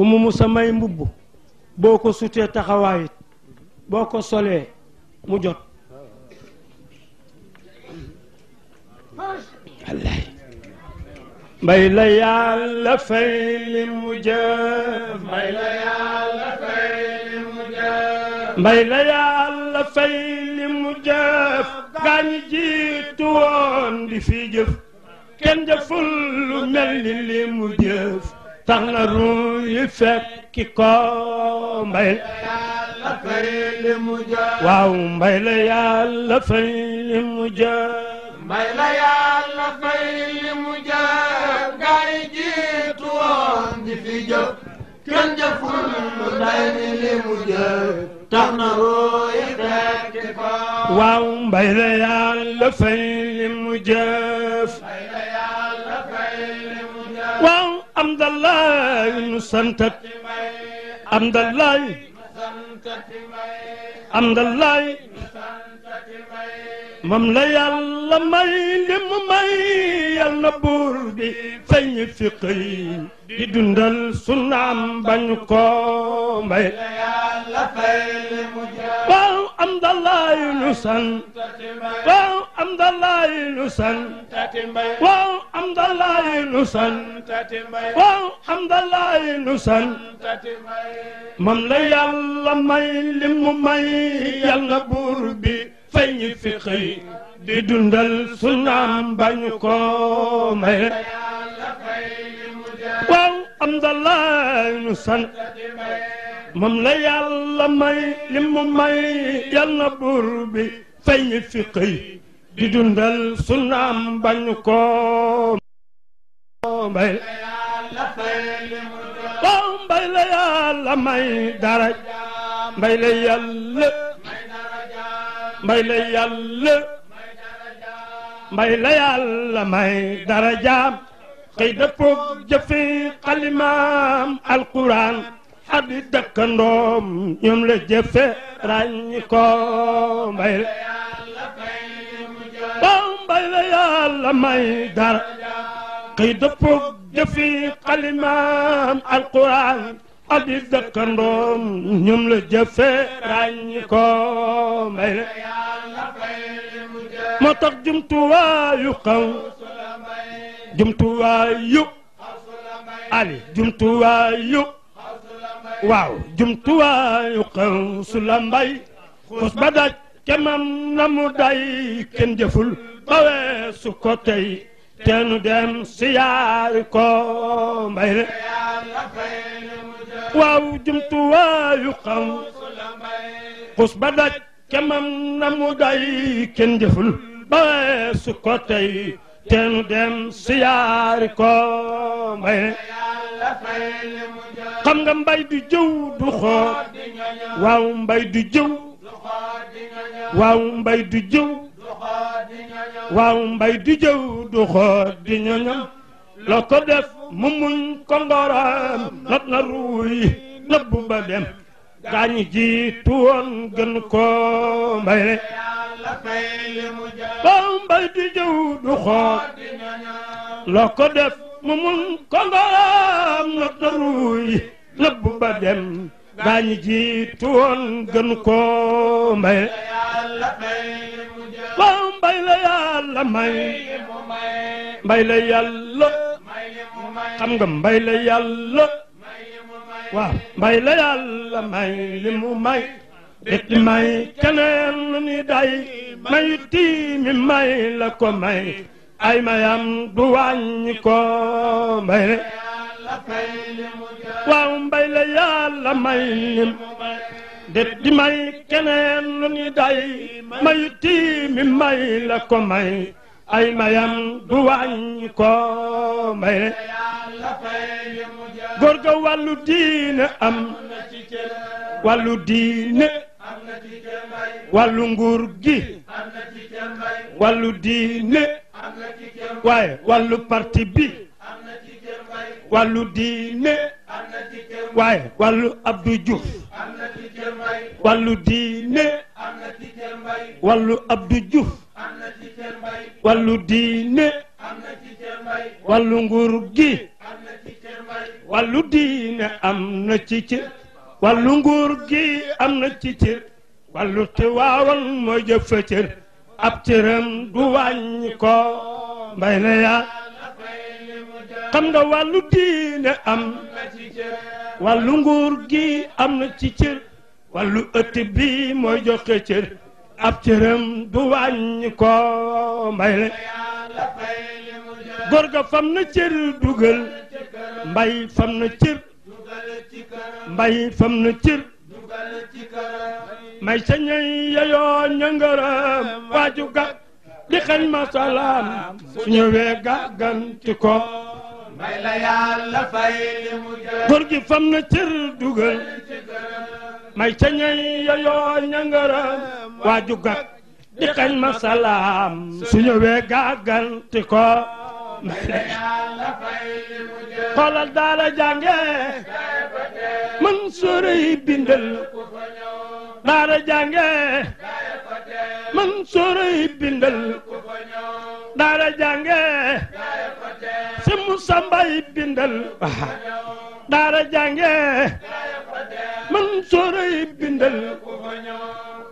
ku mu samay mbubb boo ko sutee taxawaayit boo ko solee mu jot wallaay may la yàlla fay li mu jëf may la yàlla fay jiitu woon di fi jëf kenn jëful lu mel ni li mu jëf sax na ruuy fekki ko mbay la waaw la yàlla fay li jiitu woon fi jëf kenn jëful mu jëf tax na ruuy fekki ko waaw mbay la am dallaay nu santat am dallaay am dallaay moom la yàlla may li mu may yàlla na buur bi fay ñi fi xëy di dundal sunnaam bañ ko am dalay nu sant waaw am dalay nu sant waaw am nu sant waaw am dalay la may li may yàlla na buur fay ñi fi di dundal sunaam bañu ko may waaw am dalay nu sant moom la yàlla may li mu may yàlla buur bi fay ñi fi xëy di dundal sunaam bañ koo mbay mbay la yàlla may daraj mbay la yàlla mbay la yàlla mbay la yàlla may darajaam xëy dëppoog jëfi xalimaam alquran abi dëkkandoom ñoom la jëfe ràññ ko mbay la waaw may dara xëy dëppoog jëfi xalimaam alquran abi dëkkandoom ñoom la jëfe ràññ ko moo tax jumtuwaayu xaw jumtuwaayu ali jumtuwaayu waaw jumtuwaayu xaw su la mbay xus ba daj kemam na mu day kenn jëful ba teenu dem siyaari ko mbay waaw jumtuwaayu xaw xus ba daj kemam na mu day kenn jëful teenu dem siyaari ko mbay xam nga mbay du jëw du xool waaw mbay du di ñoñam loo ko def mu muñ ko ngoram na ruuy nëbb ba dem gaañu jiitu woon gën koo mbay le waaw mbay du jëw loo ko def mu mun kondoom na daruy nëbb ba dem daa ñi jiitu woon gën koo mbay waaw mbay la yàlla mbay la yàlla xam nga mbay la yàlla waaw mbay la yàlla may li mu may dét di may keneen lu ni day may tii mi may la ko may ay mayam du wàññi ko mbay le waaw mbay la may keneen lu ni mayu tiimi may ko may ay mayam du wàññi ko mbay le wàllu diine am wàllu diine wàllu nguur gi diine waaye wallu parti bi wàllu diine waaye wàllu Abdou Diouf wàllu diine wàllu Abdou Diouf wàllu nguur gi wàllu diine am na ci cër wàllu nguur gi am na ci cër te waawan mooy jëf fa ab cëram du wàññi ko mbay na yaa xam nga wàllu diine am wàllu nguur gi am na ci cër wàllu ëtt bi mooy joxe cër ab cëram du wàññi ko mbay na góor ga fam na cër dugal mbay fam na cër mbay fam na cër may sañay yeyoo ñëngërëm waaju ga di xañ ma salaam su ñëwee gàgganti ko gi fam na cër dugal may sañay yeyoo ñëngërëm waaju ga di xañ ma salaam su ñëwee gàgganti ko daala jàngee Mansuuray bindal baara jànge Mansuuray bindal daara jànge si Musambay bindal daara jànge Mansuuray bindal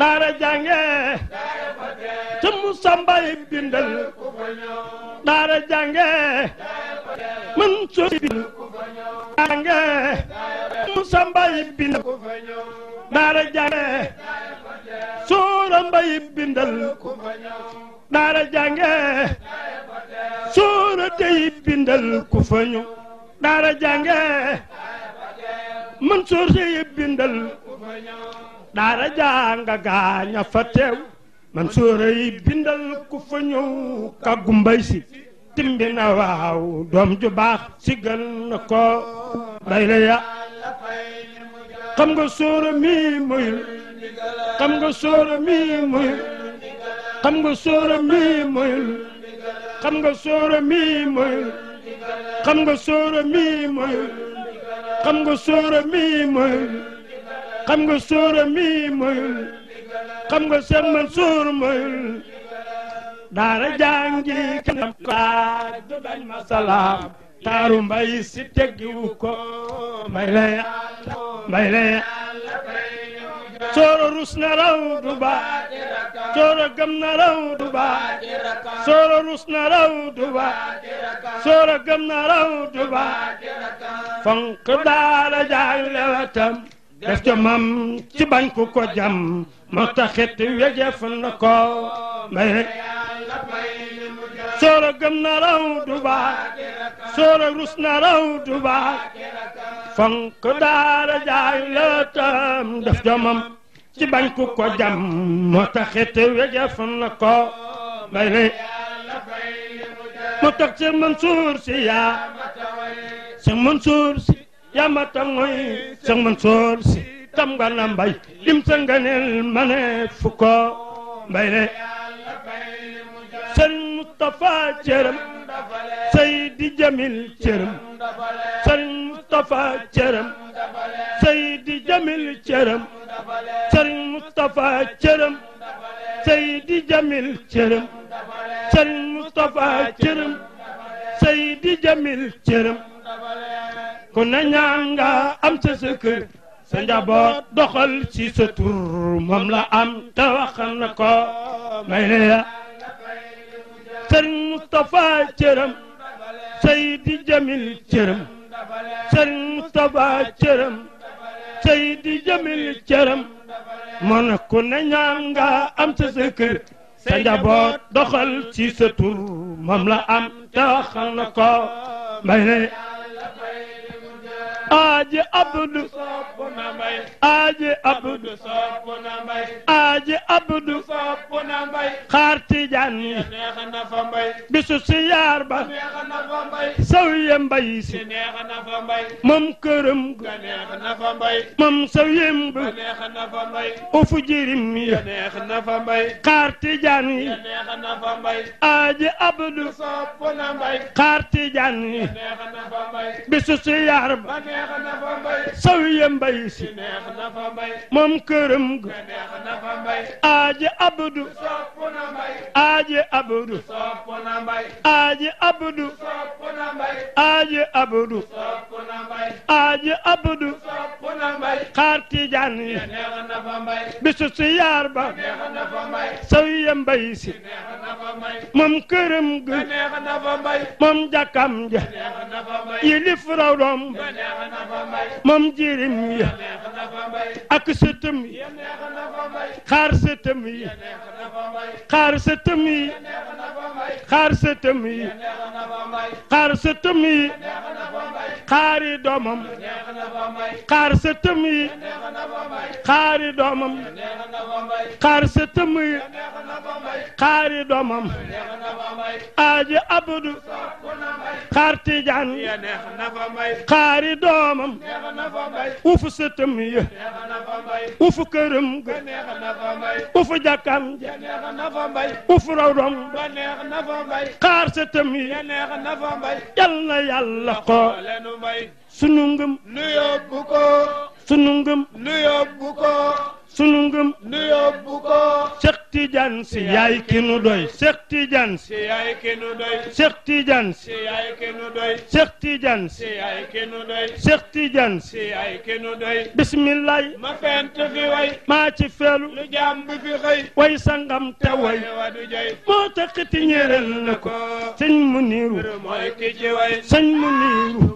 daara jànge si Musambay bindal daara jànge Mansuuray bindal daara jànge sambay bindal ku fa ku fa ñëw daara jànge suura gaaña fa teew man suura yi ku fa ñëw kàggu mbay si timbi na waaw doom ju baax gën na ko bay la xam nga sóora mi muyul xam nga sóora mi muyul xam nga sóora mi muyul xam nga sóora mi muyul xam nga sóora mi muyul xam nga sóora mi muyul xam nga sóora mi muyul xam nga seen man sóor muyul daara jàngi kanam laaj du bañ ma salaam taaru mbay si teggiwu ko sooro rus na raw du sooro gëm na raw du sooro rus na raw du sooro gëm na raw du baax fonk daala lewatam def ci bañ ko jam moo taxit wegef na ko mbay soora gëm na raw du baax soora rus na raw du baax fonk daara jaay la tam def jomam ci bañ ku ko jam moo taxit wejef na ko may lay mu toog ci Mansuur si yaa si Mansuur si yaa ma tangoy si Mansuur si tam nga na mbay lim sa nganeel ma ne fu ko mbay lay Moustapha cërëm Seydi Jamil cërëm Serigne Moustapha cërëm Seydi Jamil cërëm Serigne Moustapha cërëm Seydi Jamil cërëm Serigne Moustapha cërëm Seydi Jamil cërëm ku ne ñaan nga am sa sa sa njaboot doxal ci sa tur moom la am te waxal na ko may la Moustapha cëram Seydi Jamil cëram Serigne Moustapha cëram Seydi Jamil cëram mën ku ne ñaan nga am sa sa kër sa njaboot doxal ci sa tur moom la am te waxal na ko may ne aji abdu soppuna mbay aji abdu soppuna mbay aji abdu soppuna mbay xaar tijaan yi neex na fa mbay bisu siyaar ba neex na fa mbay sawiye mbay si neex na fa mbay moom këram ga neex na fa mbay moom sawiyem ba neex na fa mbay ufu jirim ya neex na fa mbay xaar tijaan yi neex na fa mbay aji abdu soppuna mbay xaar tijaan yi neex na fa mbay bisu siyaar ba sawiya mbay si moom këram ga aaji abdu aaji abdu aaji abdu aaji abdu yi bisu siyaar ba sawiya mbay si moom këram ga moom jàkkam ja yilif rawdom moom jirim yi ak sëtëm yi xaar sëtëm yi xaar sëtëm yi xaar sëtam yi xaar yi doomam xaar sëtam yi xaari doomam xaar sëtam yi xaari doomam aaji abdu xaar tijaan xaari doomam uf sëtam yi ufu këram ga ufu jàkkaam ufu rawdom xaar sa tëm yi yal na yàlla xoole nu mbay sunu ngëm nu yóbbu sunu ngëm nu yóbbu sunu ngëm nu yóbbu Tidiane si yaay ki nu doy Cheikh Tidiane si yaay ki nu doy Cheikh Tidiane si si yaay ki nu doy Cheikh Tidiane si yaay ki nu doy bismillah ma fent fi way maa ci feelu lu jàmb fi xëy way sangam te way moo taxiti ñéeral na ko sëñ mu niiru sëñ mu niiru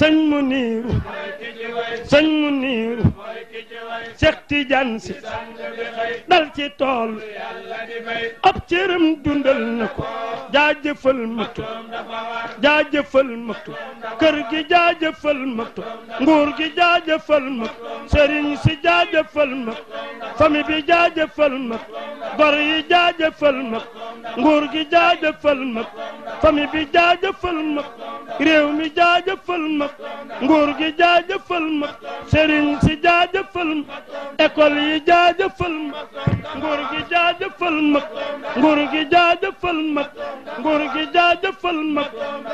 sëñ mu niiru sëñ mu niiru Cheikh Tidiane si tool ab cëram dundal na ko jaajëfal maktu jaajëfal maktu kër gi jaajëfal maktu nguur gi jaajëfal maktu sëriñ si jaajëfal maktu famille bi jaajëfal maktu gor yi jaajëfal maktu nguur gi jaajëfal maktu famille bi jaajëfal maktu réew mi jaajëfal maktu nguur gi jaajëfal maktu sëriñ si jaajëfal maktu école yi nguur gi jaajëfal mag nguur gi jaajëfal mag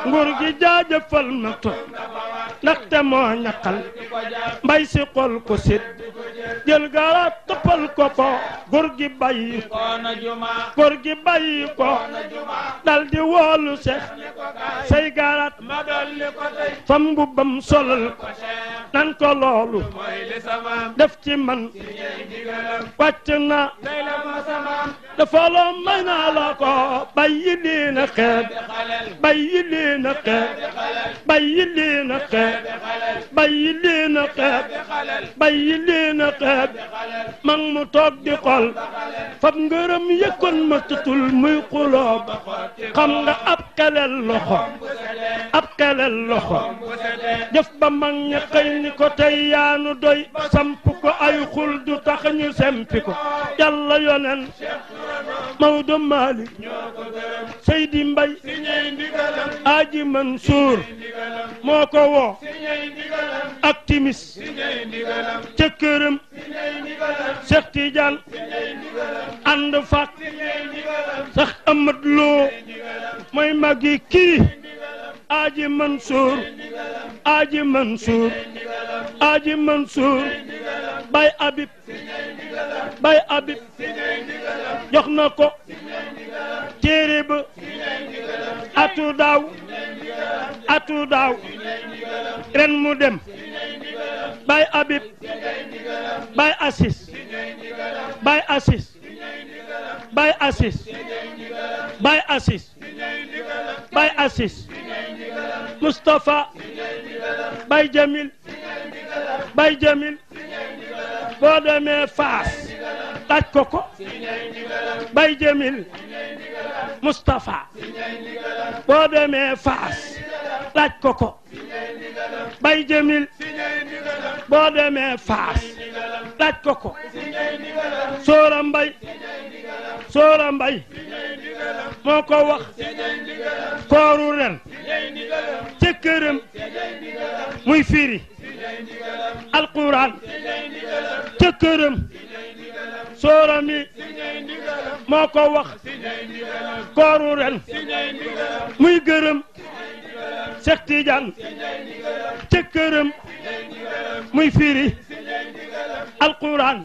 nguur gi jaajëfal mag to ndaxte moo ñaqal mbay si xol ko sit jël gara toppal ko ko góor gi bàyyi ko góor gi bàyyi ko dal woolu seex say garat fam bam solal nan ko loolu def ci man wàcc na dafa ko bàyyi lii xeeb bàyyi lii xeeb bàyyi lii xeeb bàyyi lii xeeb bàyyi lii na xeeb mag mu toog di xol fab ngërëm yëkkoon ma tutul muy xuloob xam nga ab keleel loxo ab keleel loxo jëf ba mag ña ni ko tey yaanu doy samp ko ay xul du tax ñu sempi ko yàlla yonen Maodo Malick Seydi Mbay Aji Mansour moo ko woo ak timis ca këram Seex Tijaan ànd fàq sax amat loo mooy màggi kii Aji Mansour Aji Mansour Aji Mansour Bay Abib Bay Abib jox na ko téere ba atu daaw ren mu dem bay Habib bay Assis bay Assis bay Assis bay bay Jamil bay Jamil boo demee Faas laaj bay Jamil Moustapha boo Faas laaj ko ko bay jëmil boo Faas laaj ko ko Soora Mbay Soora moo ko wax kooru ren këram muy firi alquran ca këram sóora moo ko wax kooru ren muy gërëm Cheikh Tidiane ca këram muy firi alquran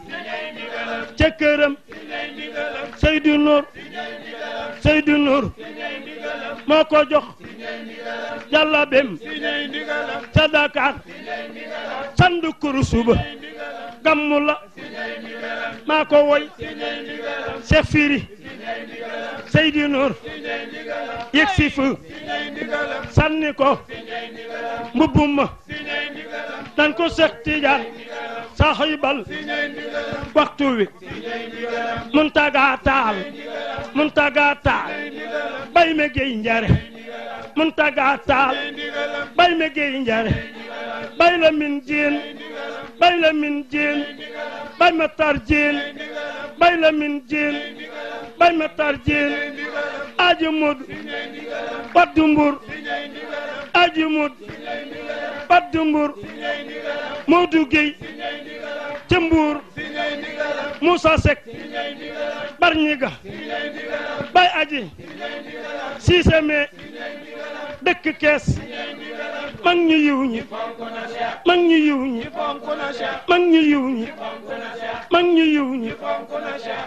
ca këram Seydou Nour Seydou Nour moo ko jox jàllabem ca Dakar sandu kurusu ba gammu maa ko woy Cheikh Firi Seydou Nour yëg si fu sànni ko mbubbum ma ko Cheikh Tidiane saaxibal waxtu wi muntaga taal muntaga bay me géy njare muntaga bay me géy njare bay la min jeen bay la min jeen bay ma tar jeen bay la min jeen bay ma tar jeen aji mud waddu mbur aji mut padd mbur Modou Gueye ca Mbuur Moussa Seck Barñiga Bay Aji Cissé me dëkk Kees mag ñu yiw ñi mag ñu yiw ñi mag ñu yiw ñi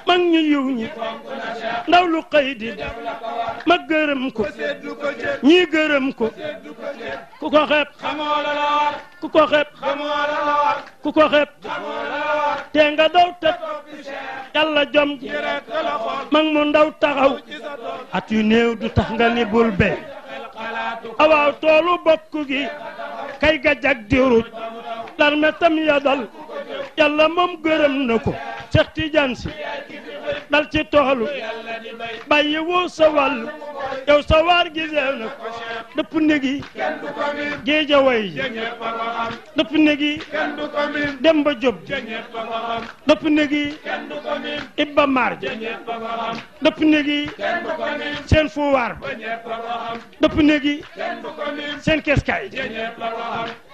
mag ñi yiw ñi ndaw lu xëy di gërëm ko ñii gërëm ko ku ko xeeb ku nga daw tëb yàlla jom ji mag mu ndaw taxaw at yu néew du tax nga ni bul awaaw toolu bokk gi kay gajak diruj larme tam yadal yàlla moom gërëm na ko Cheikh Tidiane si dal ci toolu bàyyi woo sa wàll yow sa waar gisee na ko dëpp nigi géeja way ji dëpp nigi Demba Diop ji dëpp nigi Ibba Mar ji dëpp nigi seen fuwaar ba dëpp nigi seen keskaay ji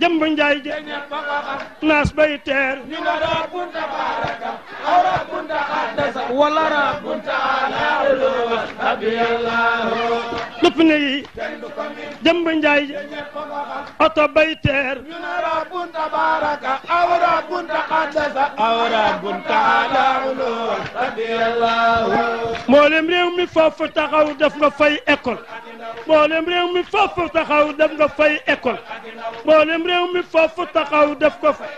jëmb njaay jë naas bay teer ñu na rabbunta baraka aw rabbunta haddasa wala rabbunta alaalo abiyallahu lépp ne yi jëmb njaay oto bay teer ñu na rabbunta baraka aw rabbunta haddasa aw rabbunta alaalo abiyallahu mboolem réew mi foofu taxaw def nga fay école mboolem réew mi foofu taxaw def nga fay école mboolem réew foofu taxaw def ko fay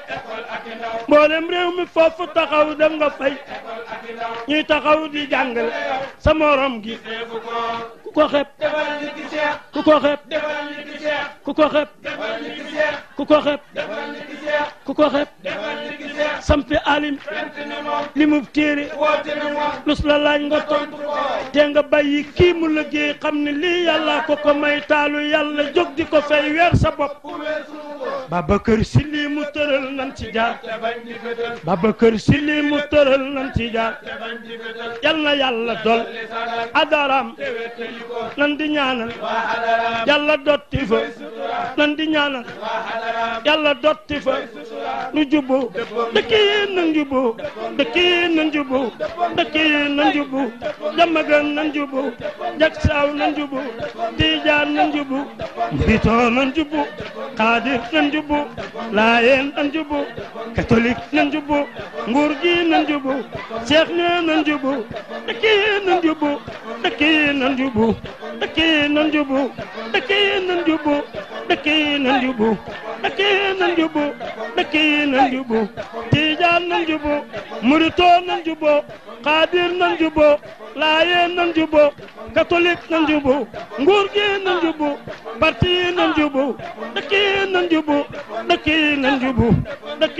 mboolem réew mi foofu taxaw def nga fay ñuy taxaw di jàngale sa morom gi ku ko xeeb. defalal ku ko xeeb. defalal ku ko xeeb. ku ko xeeb. ku ko xeeb. defalal nit ki sampi alim. li mu na moom. lus la nga tontu ko. te nga bàyyi kii mu liggéey xam ne lii yàlla ko ko may taalu yàlla jóg di ko fay weer sa bopp. Babacar si lii mu tëral nan ci jaar. Babacar si lii mu tëral nan ci jaar. yàlla dol. adaram. nan di ñaanal yàlla dotti fa nan di ñaanal yàlla dotti fa nu jubbu dëkk yi nan jubbu dëkk nan jubbu dëkk nan jubbu jamagan nan jubbu jaksaaw nan jubbu tiijaan nan jubbu mbitoo nan jubbu xaadir nan jubbu laayeen nan jubbu catholique nan jubbu nguur gi nan jubbu seex ne nan jubbu dëkk nan jubbu dëkk nan jubbu jubbu dëkkee nan jubbu dëkkee nan jubbu dëkkee nan jubbu dëkkee nan jubbu dëkkee nan jubbu tiijaan nan jubbu muritoo nan jubbu xaadir nan jubbo laayee nan jubbo catholique nan jubbo nguur gi nan jubbo parti yi nan jubbo dëkk yi nan jubbo dëkk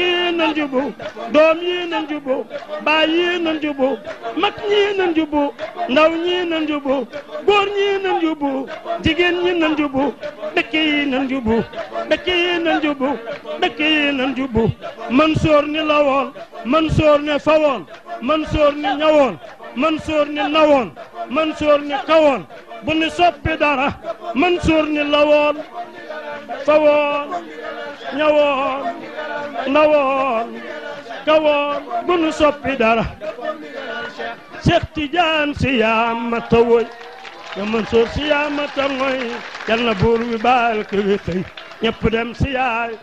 yi nan jubbo doom yi nan jubbo baay yi nan jubbo mag ñi nan jubbo ndaw ñi nan jubbo góor ñi nan jubbo jigéen ñi nan jubbo dëkk yi nan jubbo dëkk yi nan jubbo dëkk yi ni la woon Mansoor ne fa Mansoor ni ñawoon Mansoor ni nawoon Mansoor ni kawoon bu ni soppi dara Mansoor ni lawoon fawoon ñawoon nawoon kawoon bu nu soppi dara Cheikh Tidiane si ma tawoy ya Mansoor si ma taŋoy yal na buur wi baal ki wi xëy ñëpp dem